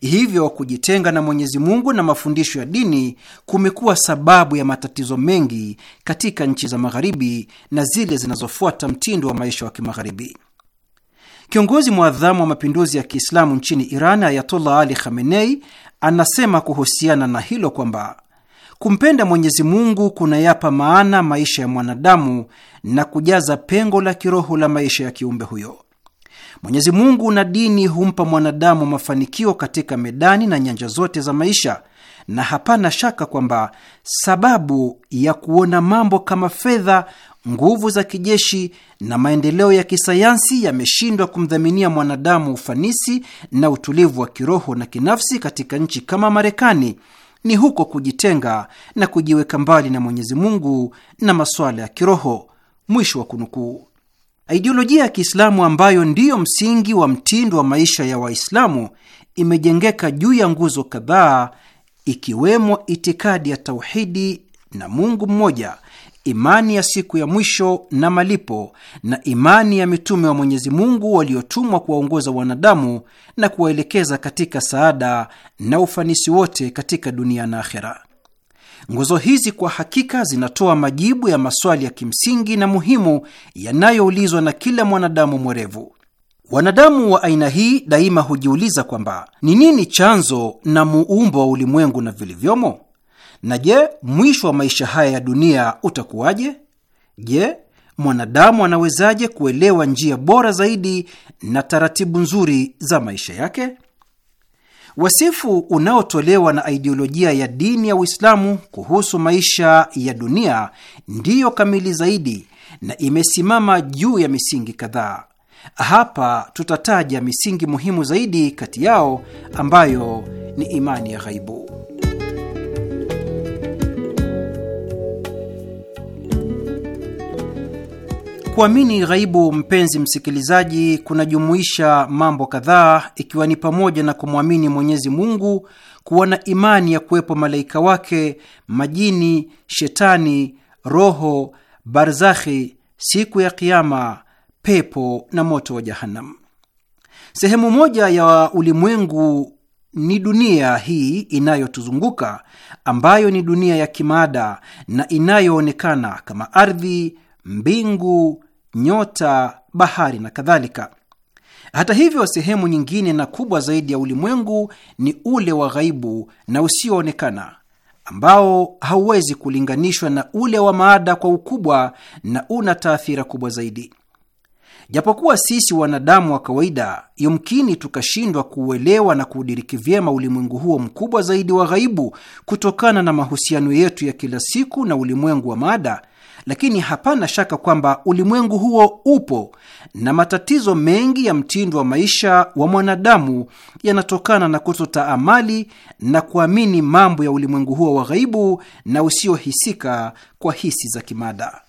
A: Hivyo kujitenga na Mwenyezi Mungu na mafundisho ya dini kumekuwa sababu ya matatizo mengi katika nchi za Magharibi na zile zinazofuata mtindo wa maisha wa Kimagharibi. Kiongozi mwadhamu wa mapinduzi ya Kiislamu nchini Iran, Ayatollah Ali Khamenei, anasema kuhusiana na hilo kwamba Kumpenda Mwenyezi Mungu kunayapa maana maisha ya mwanadamu na kujaza pengo la kiroho la maisha ya kiumbe huyo. Mwenyezi Mungu na dini humpa mwanadamu mafanikio katika medani na nyanja zote za maisha, na hapana shaka kwamba sababu ya kuona mambo kama fedha, nguvu za kijeshi na maendeleo ya kisayansi yameshindwa kumdhaminia mwanadamu ufanisi na utulivu wa kiroho na kinafsi katika nchi kama Marekani ni huko kujitenga na kujiweka mbali na Mwenyezi Mungu na masuala ya kiroho. Mwisho wa kunukuu. Idiolojia ya Kiislamu ambayo ndiyo msingi wa mtindo wa maisha ya Waislamu imejengeka juu ya nguzo kadhaa, ikiwemo itikadi ya tauhidi na Mungu mmoja imani ya siku ya mwisho na malipo, na imani ya mitume wa Mwenyezi Mungu waliotumwa kuwaongoza wanadamu na kuwaelekeza katika saada na ufanisi wote katika dunia na akhera. Nguzo hizi kwa hakika zinatoa majibu ya maswali ya kimsingi na muhimu yanayoulizwa na kila mwanadamu mwerevu. Wanadamu wa aina hii daima hujiuliza kwamba ni nini chanzo na muumbo wa ulimwengu na vilivyomo. Na je, mwisho wa maisha haya ya dunia utakuwaje? Je, mwanadamu anawezaje kuelewa njia bora zaidi na taratibu nzuri za maisha yake? Wasifu unaotolewa na aidiolojia ya dini ya Uislamu kuhusu maisha ya dunia ndiyo kamili zaidi na imesimama juu ya misingi kadhaa. Hapa tutataja misingi muhimu zaidi kati yao ambayo ni imani ya ghaibu. Kuamini ghaibu, mpenzi msikilizaji, kunajumuisha mambo kadhaa, ikiwa ni pamoja na kumwamini Mwenyezi Mungu, kuwa na imani ya kuwepo malaika wake, majini, shetani, roho, barzakhi, siku ya Kiama, pepo na moto wa Jahannam. Sehemu moja ya ulimwengu ni dunia hii inayotuzunguka ambayo ni dunia ya kimaada na inayoonekana kama ardhi, mbingu, nyota, bahari na kadhalika. Hata hivyo, sehemu nyingine na kubwa zaidi ya ulimwengu ni ule wa ghaibu na usioonekana ambao hauwezi kulinganishwa na ule wa maada kwa ukubwa na una taathira kubwa zaidi. Japokuwa sisi wanadamu wa kawaida yumkini tukashindwa kuuelewa na kuudiriki vyema ulimwengu huo mkubwa zaidi wa ghaibu kutokana na mahusiano yetu ya kila siku na ulimwengu wa maada, lakini hapana shaka kwamba ulimwengu huo upo na matatizo mengi ya mtindo wa maisha wa mwanadamu yanatokana na kutota amali na kuamini mambo ya ulimwengu huo wa ghaibu na usiohisika kwa hisi za kimada.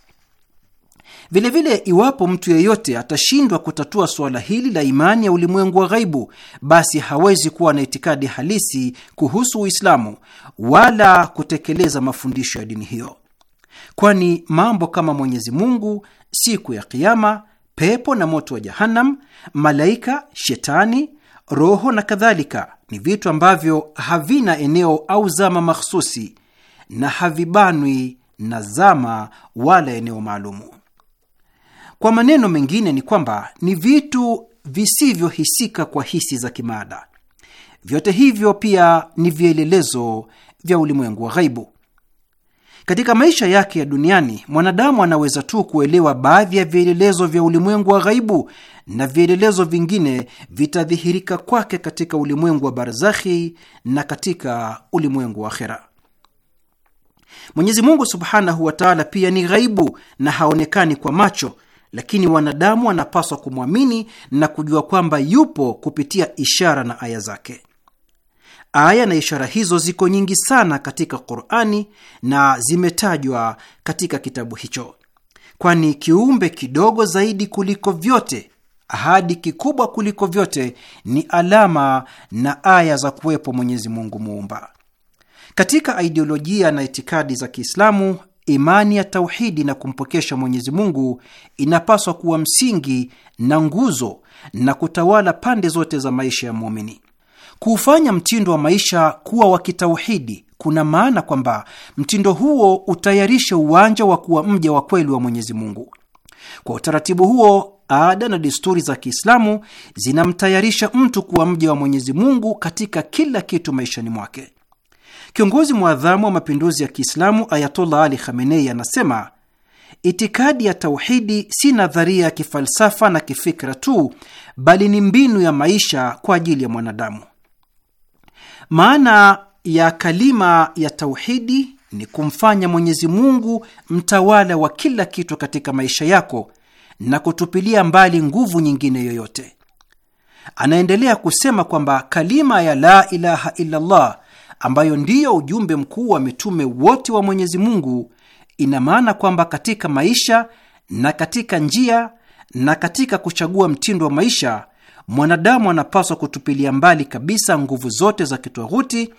A: Vilevile vile, iwapo mtu yeyote atashindwa kutatua suala hili la imani ya ulimwengu wa ghaibu, basi hawezi kuwa na itikadi halisi kuhusu Uislamu wala kutekeleza mafundisho ya dini hiyo kwani mambo kama Mwenyezi Mungu, siku ya Kiama, pepo na moto wa Jahanam, malaika, shetani, roho na kadhalika ni vitu ambavyo havina eneo au zama mahsusi na havibanwi na zama wala eneo maalumu. Kwa maneno mengine, ni kwamba ni vitu visivyohisika kwa hisi za kimaada. Vyote hivyo pia ni vielelezo vya ulimwengu wa ghaibu. Katika maisha yake ya duniani, mwanadamu anaweza tu kuelewa baadhi ya vielelezo vya ulimwengu wa ghaibu, na vielelezo vingine vitadhihirika kwake katika ulimwengu wa barzakhi na katika ulimwengu wa akhera. Mwenyezi Mungu subhanahu wa taala pia ni ghaibu na haonekani kwa macho, lakini wanadamu wanapaswa kumwamini na kujua kwamba yupo kupitia ishara na aya zake. Aya na ishara hizo ziko nyingi sana katika Qur'ani na zimetajwa katika kitabu hicho, kwani kiumbe kidogo zaidi kuliko vyote hadi kikubwa kuliko vyote ni alama na aya za kuwepo Mwenyezi Mungu muumba. Katika idiolojia na itikadi za Kiislamu, imani ya tauhidi na kumpokesha Mwenyezi Mungu inapaswa kuwa msingi na nguzo na kutawala pande zote za maisha ya muumini. Kuufanya mtindo wa maisha kuwa wa kitauhidi kuna maana kwamba mtindo huo utayarishe uwanja wa kuwa mja wa kweli wa Mwenyezi Mungu. Kwa utaratibu huo, ada na desturi za Kiislamu zinamtayarisha mtu kuwa mja wa Mwenyezi Mungu katika kila kitu maishani mwake. Kiongozi mwadhamu wa mapinduzi ya Kiislamu Ayatollah Ali Khamenei anasema Itikadi ya tauhidi si nadharia ya kifalsafa na kifikra tu, bali ni mbinu ya maisha kwa ajili ya mwanadamu. Maana ya kalima ya tauhidi ni kumfanya Mwenyezi Mungu mtawala wa kila kitu katika maisha yako na kutupilia mbali nguvu nyingine yoyote. Anaendelea kusema kwamba kalima ya la ilaha illallah, ambayo ndiyo ujumbe mkuu wa mitume wote wa Mwenyezi Mungu, ina maana kwamba katika maisha na katika njia na katika kuchagua mtindo wa maisha mwanadamu anapaswa kutupilia mbali kabisa nguvu zote za kitwaruti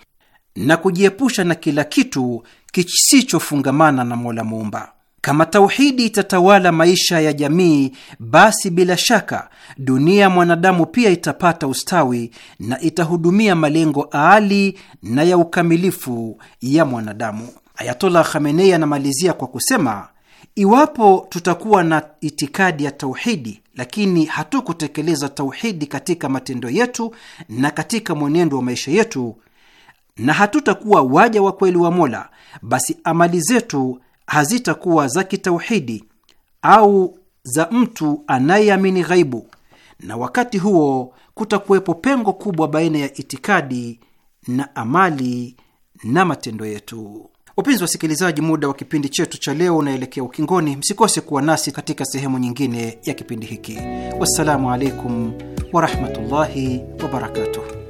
A: na kujiepusha na kila kitu kisichofungamana na Mola Muumba. Kama tauhidi itatawala maisha ya jamii, basi bila shaka dunia ya mwanadamu pia itapata ustawi na itahudumia malengo aali na ya ukamilifu ya mwanadamu. Ayatollah Khamenei anamalizia kwa kusema Iwapo tutakuwa na itikadi ya tauhidi lakini hatukutekeleza tauhidi katika matendo yetu na katika mwenendo wa maisha yetu, na hatutakuwa waja wa kweli wa Mola, basi amali zetu hazitakuwa za kitauhidi au za mtu anayeamini ghaibu, na wakati huo kutakuwepo pengo kubwa baina ya itikadi na amali na matendo yetu. Wapenzi wasikilizaji, muda wa kipindi chetu cha leo unaelekea ukingoni. Msikose kuwa nasi katika sehemu nyingine ya kipindi hiki. Wassalamu alaikum warahmatullahi wabarakatuh.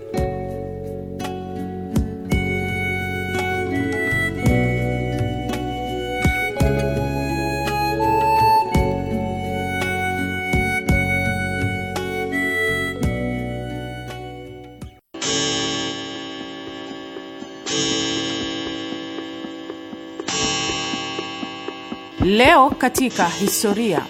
E: Leo katika historia.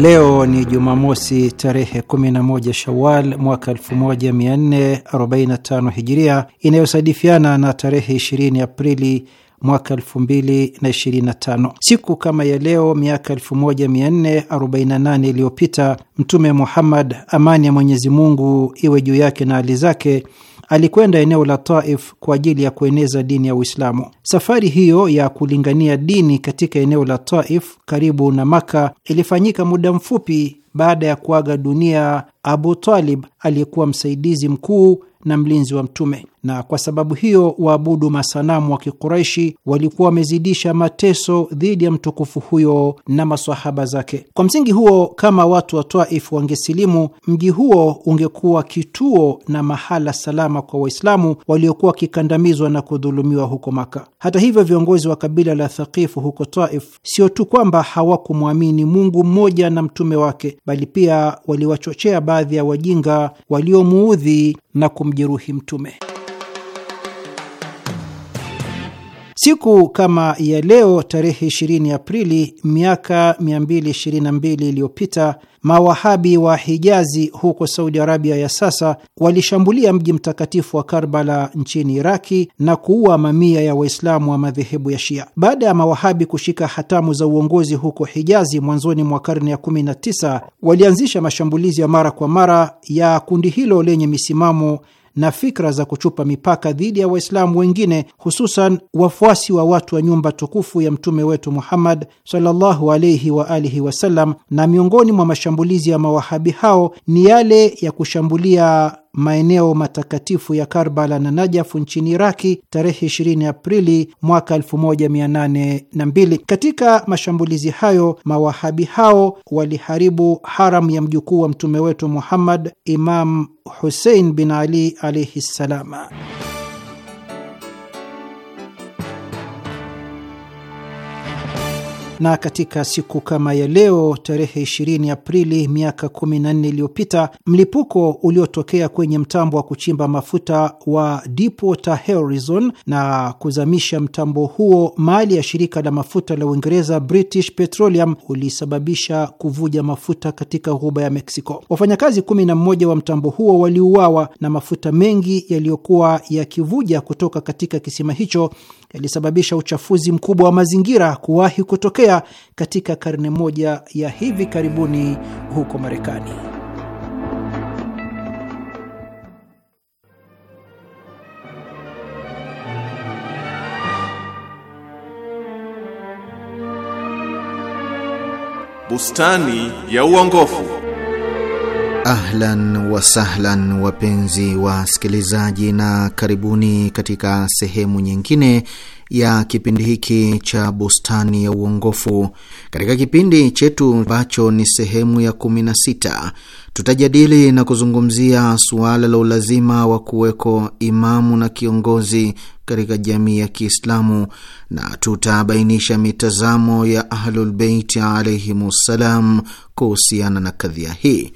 A: Leo ni Jumamosi tarehe 11 Shawal mwaka 1445 Hijiria, inayosadifiana na tarehe 20 Aprili mwaka 2025. Siku kama ya leo miaka 1448 iliyopita Mtume Muhammad, amani ya Mwenyezi Mungu iwe juu yake na hali zake, alikwenda eneo la Taif kwa ajili ya kueneza dini ya Uislamu. Safari hiyo ya kulingania dini katika eneo la Taif karibu na Maka ilifanyika muda mfupi baada ya kuaga dunia Abu Talib aliyekuwa msaidizi mkuu na mlinzi wa Mtume, na kwa sababu hiyo waabudu masanamu wa Kikuraishi walikuwa wamezidisha mateso dhidi ya mtukufu huyo na masahaba zake. Kwa msingi huo, kama watu wa Taif wangesilimu, mji huo ungekuwa kituo na mahala salama kwa Waislamu waliokuwa wakikandamizwa na kudhulumiwa huko Maka. Hata hivyo, viongozi wa kabila la Thakifu huko Taif sio tu kwamba hawakumwamini Mungu mmoja na mtume wake, bali pia waliwachochea baadhi ya wajinga waliomuudhi na kumjeruhi Mtume. Siku kama ya leo tarehe 20 Aprili miaka 222 iliyopita mawahabi wa Hijazi huko Saudi Arabia ya sasa walishambulia mji mtakatifu wa Karbala nchini Iraki na kuua mamia ya Waislamu wa madhehebu ya Shia. Baada ya mawahabi kushika hatamu za uongozi huko Hijazi mwanzoni mwa karne ya 19, walianzisha mashambulizi ya mara kwa mara ya kundi hilo lenye misimamo na fikra za kuchupa mipaka dhidi ya Waislamu wengine, hususan wafuasi wa watu wa nyumba tukufu ya mtume wetu Muhammad sallallahu alayhi wa alihi wasallam. Na miongoni mwa mashambulizi ya mawahabi hao ni yale ya kushambulia maeneo matakatifu ya Karbala na Najafu nchini Iraki tarehe 20 Aprili mwaka 1802. Katika mashambulizi hayo mawahabi hao waliharibu haram ya mjukuu wa mtume wetu Muhammad, Imam Husein bin Ali alaihi ssalama. Na katika siku kama ya leo tarehe 20 Aprili miaka 14 iliyopita, mlipuko uliotokea kwenye mtambo wa kuchimba mafuta wa Deepwater Horizon na kuzamisha mtambo huo mali ya shirika la mafuta la Uingereza British Petroleum ulisababisha kuvuja mafuta katika ghuba ya Mexico. Wafanyakazi 11 wa mtambo huo waliuawa na mafuta mengi yaliyokuwa yakivuja kutoka katika kisima hicho yalisababisha uchafuzi mkubwa wa mazingira kuwahi kutokea katika karne moja ya hivi karibuni huko Marekani.
B: Bustani ya Uongofu.
E: Ahlan wasahlan, wapenzi wasikilizaji, na karibuni katika sehemu nyingine ya kipindi hiki cha Bustani ya Uongofu. Katika kipindi chetu ambacho ni sehemu ya 16 tutajadili na kuzungumzia suala la ulazima wa kuweko imamu na kiongozi katika jamii ya Kiislamu na tutabainisha mitazamo ya Ahlulbeiti alaihimussalam kuhusiana na kadhia hii.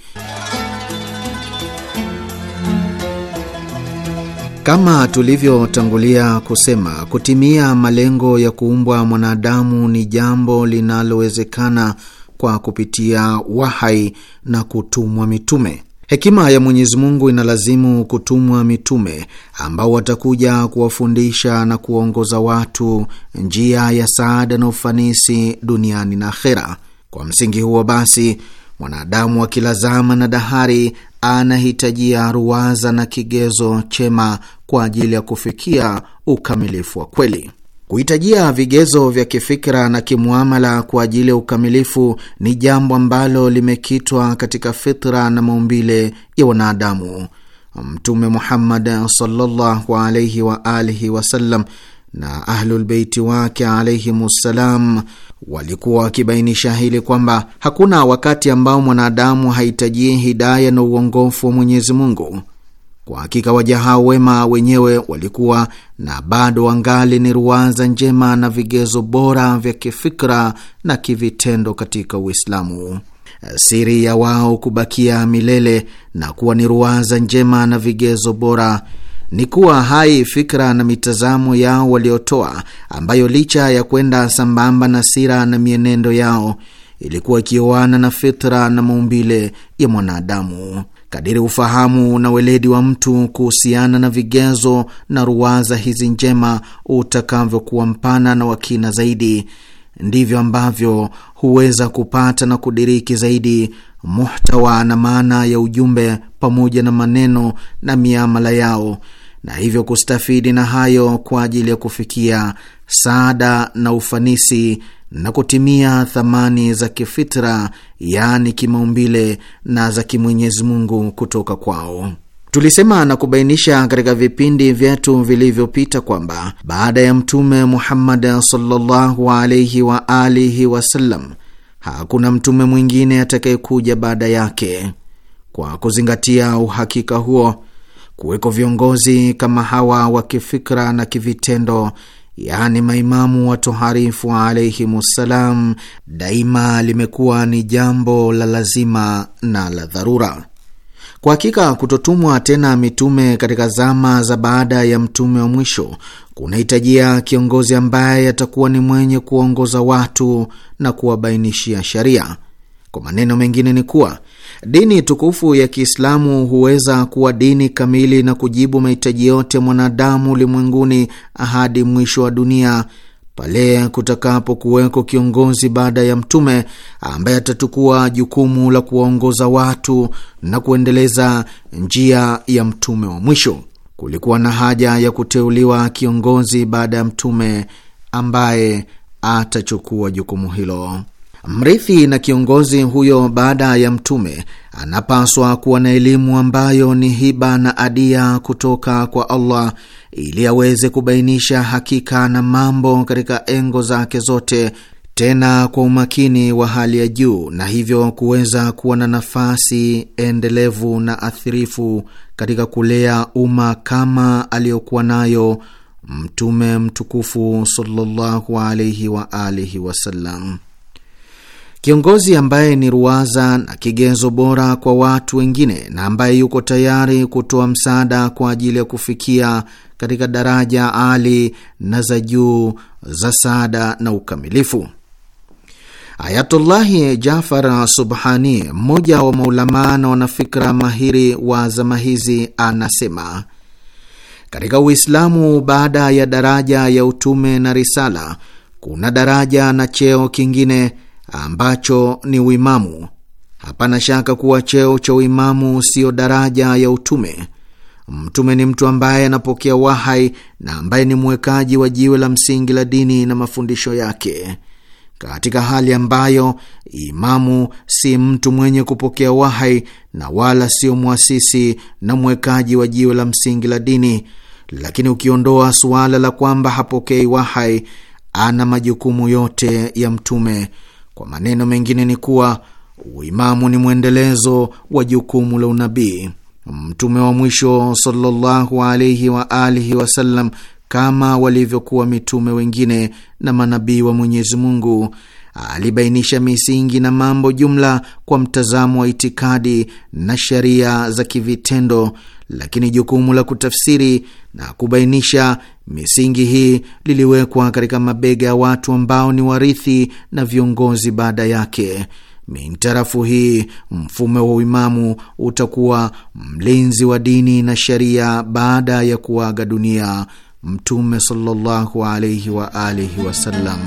E: Kama tulivyotangulia kusema, kutimia malengo ya kuumbwa mwanadamu ni jambo linalowezekana kwa kupitia wahai na kutumwa mitume. Hekima ya Mwenyezi Mungu inalazimu kutumwa mitume ambao watakuja kuwafundisha na kuwaongoza watu njia ya saada na ufanisi duniani na akhera. Kwa msingi huo basi, mwanadamu wa kila zama na dahari anahitajia ruwaza na kigezo chema kwa ajili ya kufikia ukamilifu wa kweli. Kuhitajia vigezo vya kifikira na kimwamala kwa ajili ya ukamilifu ni jambo ambalo limekitwa katika fitra na maumbile ya wanadamu. Mtume Muhammad sallallahu alaihi wa alihi wasallam na Ahlulbeiti wake alaihimussalam walikuwa wakibainisha hili kwamba hakuna wakati ambao mwanadamu hahitaji hidaya na uongofu wa Mwenyezi Mungu. Kwa hakika waja hao wema wenyewe walikuwa na bado wangali ni ruwaza njema na vigezo bora vya kifikra na kivitendo katika Uislamu. Siri ya wao kubakia milele na kuwa ni ruwaza njema na vigezo bora ni kuwa hai fikra na mitazamo yao waliotoa, ambayo licha ya kwenda sambamba na sira na mienendo yao ilikuwa ikioana na fitra na maumbile ya mwanadamu. Kadiri ufahamu na weledi wa mtu kuhusiana na vigezo na ruwaza hizi njema utakavyokuwa mpana na wakina zaidi, ndivyo ambavyo huweza kupata na kudiriki zaidi muhtawa na maana ya ujumbe pamoja na maneno na miamala yao na hivyo kustafidi na hayo kwa ajili ya kufikia saada na ufanisi na kutimia thamani za kifitra, yaani kimaumbile na za kimwenyezi Mungu kutoka kwao. Tulisema na kubainisha katika vipindi vyetu vilivyopita kwamba baada ya Mtume Muhammad sallallahu alaihi wa alihi wasallam hakuna mtume mwingine atakayekuja baada yake. Kwa kuzingatia uhakika huo Kuweko viongozi kama hawa wa kifikra na kivitendo, yaani maimamu watoharifu ssalam, daima limekuwa ni jambo la lazima na la dharura. Kwa hakika kutotumwa tena mitume katika zama za baada ya mtume wa mwisho kunahitajia kiongozi ambaye atakuwa ni mwenye kuwaongoza watu na kuwabainishia sharia. Kwa maneno mengine ni kuwa Dini tukufu ya Kiislamu huweza kuwa dini kamili na kujibu mahitaji yote mwanadamu ulimwenguni hadi mwisho wa dunia pale kutakapo kuweko kiongozi baada ya mtume ambaye atatukua jukumu la kuwaongoza watu na kuendeleza njia ya mtume wa mwisho. Kulikuwa na haja ya kuteuliwa kiongozi baada ya mtume ambaye atachukua jukumu hilo. Mrithi na kiongozi huyo baada ya mtume anapaswa kuwa na elimu ambayo ni hiba na adia kutoka kwa Allah ili aweze kubainisha hakika na mambo katika engo zake zote, tena kwa umakini wa hali ya juu, na hivyo kuweza kuwa na nafasi endelevu na athirifu katika kulea umma kama aliyokuwa nayo mtume mtukufu sallallahu alaihi wa alihi wasallam. Kiongozi ambaye ni ruwaza na kigezo bora kwa watu wengine na ambaye yuko tayari kutoa msaada kwa ajili ya kufikia katika daraja ali na za juu za saada na ukamilifu. Ayatullahi Jafar Subhani, mmoja wa maulamaa na wanafikra mahiri wa zama hizi, anasema katika Uislamu baada ya daraja ya utume na risala kuna daraja na cheo kingine ambacho ni uimamu. Hapana shaka kuwa cheo cha uimamu siyo daraja ya utume. Mtume ni mtu ambaye anapokea wahai na ambaye ni mwekaji wa jiwe la msingi la dini na mafundisho yake. Katika hali ambayo imamu si mtu mwenye kupokea wahai na wala sio mwasisi na mwekaji wa jiwe la msingi la dini, lakini ukiondoa suala la kwamba hapokei wahai, ana majukumu yote ya mtume kwa maneno mengine ni kuwa uimamu ni mwendelezo wa jukumu la unabii. Mtume wa mwisho sallallahu alaihi wa alihi wasallam, kama walivyokuwa mitume wengine na manabii wa Mwenyezi Mungu, alibainisha misingi na mambo jumla kwa mtazamo wa itikadi na sheria za kivitendo, lakini jukumu la kutafsiri na kubainisha Misingi hii liliwekwa katika mabega ya watu ambao ni warithi na viongozi baada yake. Mintarafu hii mfumo wa uimamu utakuwa mlinzi wa dini na sheria baada ya kuaga dunia Mtume sallallahu alaihi wa alihi wasallam.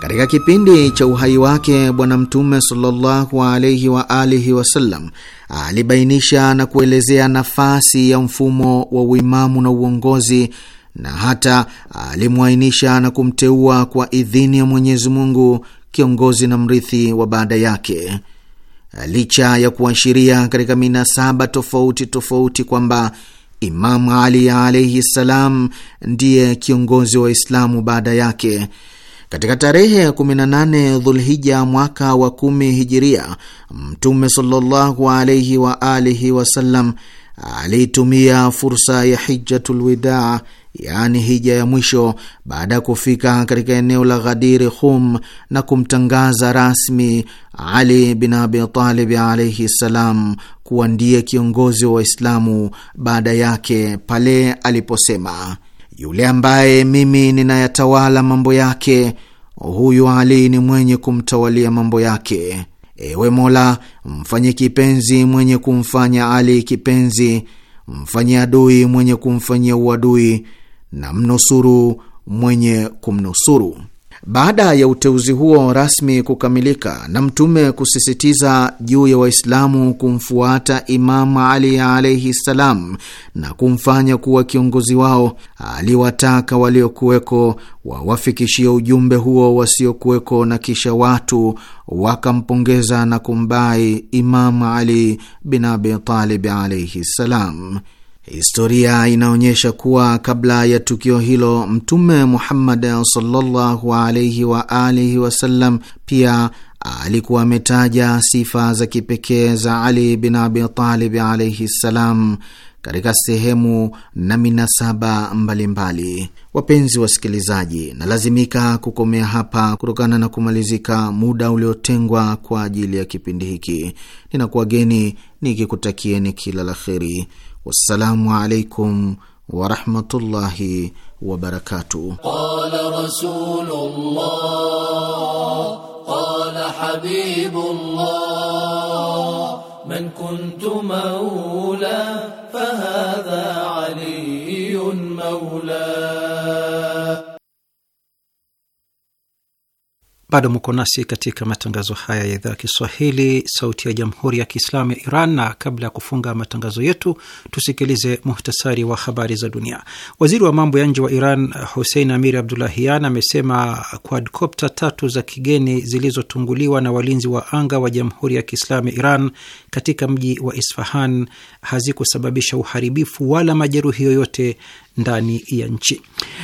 E: Katika kipindi cha uhai wake Bwana Mtume sallallahu alaihi wa alihi wasallam alibainisha na kuelezea nafasi ya mfumo wa uimamu na uongozi na hata alimwainisha na kumteua kwa idhini ya Mwenyezi Mungu kiongozi na mrithi wa baada yake, licha ya kuashiria katika minasaba tofauti tofauti kwamba Imamu Ali alaihi ssalam ndiye kiongozi wa Waislamu baada yake. Katika tarehe ya 18 Dhulhija mwaka wa kumi hijiria, Mtume sallallahu alaihi wa alihi wasallam aliitumia fursa ya hijjatu lwida yaani hija ya mwisho, baada ya kufika katika eneo la Ghadiri Khum na kumtangaza rasmi Ali bin Abi Talib alaihi ssalam kuwa ndiye kiongozi wa Waislamu baada yake pale aliposema yule ambaye mimi ninayatawala mambo yake, huyu Ali ni mwenye kumtawalia mambo yake. Ewe Mola, mfanye kipenzi mwenye kumfanya Ali kipenzi, mfanye adui mwenye kumfanyia uadui, na mnusuru mwenye kumnusuru. Baada ya uteuzi huo rasmi kukamilika na Mtume kusisitiza juu ya Waislamu kumfuata Imamu Ali alaihi ssalam na kumfanya kuwa kiongozi wao, aliwataka waliokuweko wawafikishie ujumbe huo wasiokuweko, na kisha watu wakampongeza na kumbai Imamu Ali bin Abi Talib alaihi ssalam. Historia inaonyesha kuwa kabla ya tukio hilo Mtume Muhammad sallallahu alaihi wa alihi wasallam pia alikuwa ametaja sifa za kipekee za Ali bin Abi Talib alaihi ssalam katika sehemu na minasaba mbalimbali. Wapenzi wasikilizaji, nalazimika kukomea hapa kutokana na kumalizika muda uliotengwa kwa ajili ya kipindi hiki. Ninakuwageni nikikutakieni kila la kheri. wassalamu alaikum warahmatullahi wabarakatuh.
D: Qala Rasulullah, qala Habibullah, man kuntu
C: mawla fahadha aliyun mawla
A: Bado mko nasi katika matangazo haya ya idhaa ya Kiswahili, sauti ya jamhuri ya kiislamu ya Iran. Na kabla ya kufunga matangazo yetu, tusikilize muhtasari wa habari za dunia. Waziri wa mambo ya nje wa Iran Hussein Amir Abdulahian amesema kuadkopta tatu za kigeni zilizotunguliwa na walinzi wa anga wa jamhuri ya kiislamu ya Iran katika mji wa Isfahan hazikusababisha uharibifu wala majeruhi yoyote ndani ya nchi.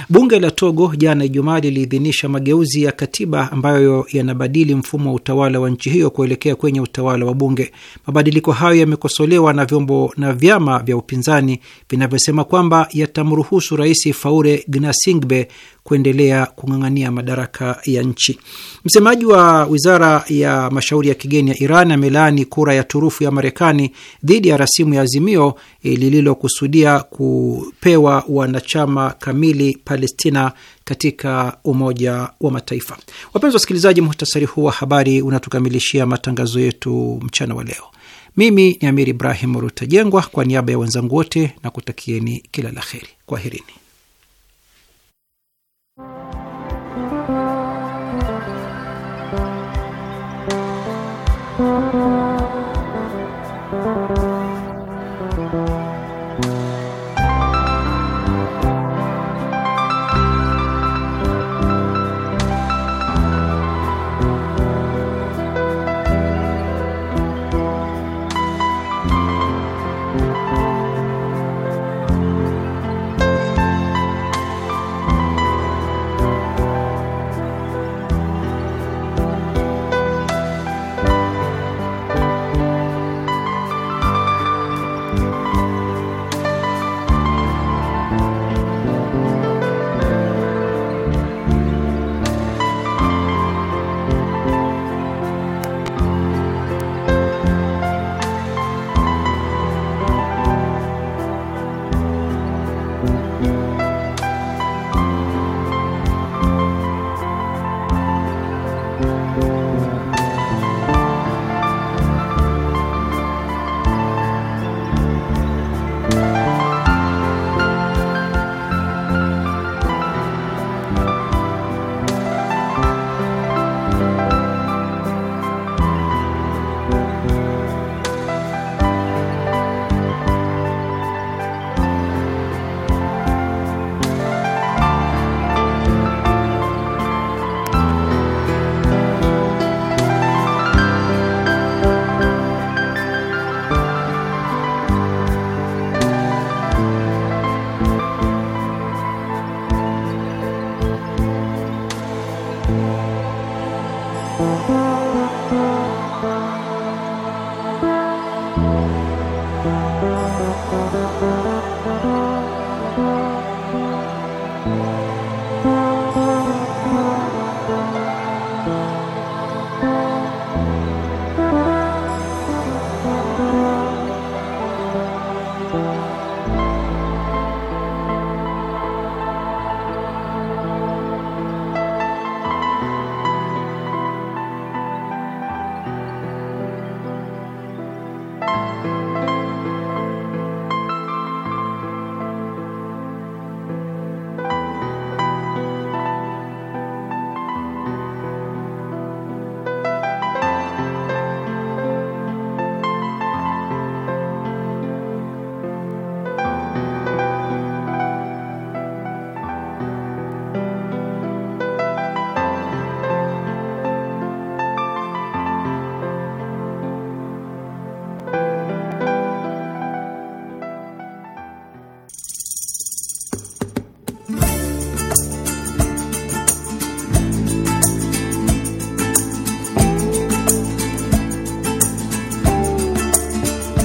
A: Bunge la Togo jana Ijumaa liliidhinisha mageuzi ya katiba ambayo yanabadili mfumo wa utawala wa nchi hiyo kuelekea kwenye utawala wa bunge. Mabadiliko hayo yamekosolewa na vyombo na vyama vya upinzani vinavyosema kwamba yatamruhusu Rais Faure Gnasingbe kuendelea kung'ang'ania madaraka ya nchi. Msemaji wa wizara ya mashauri ya kigeni ya Iran amelaani kura ya turufu ya Marekani dhidi ya rasimu ya azimio eh, lililokusudia kupewa wa wanachama kamili Palestina katika Umoja wa Mataifa. Wapenzi wasikilizaji, muhtasari huu wa habari unatukamilishia matangazo yetu mchana wa leo. Mimi ni Amiri Ibrahim Rutajengwa, kwa niaba ya wenzangu wote na kutakieni kila la heri. Kwaherini.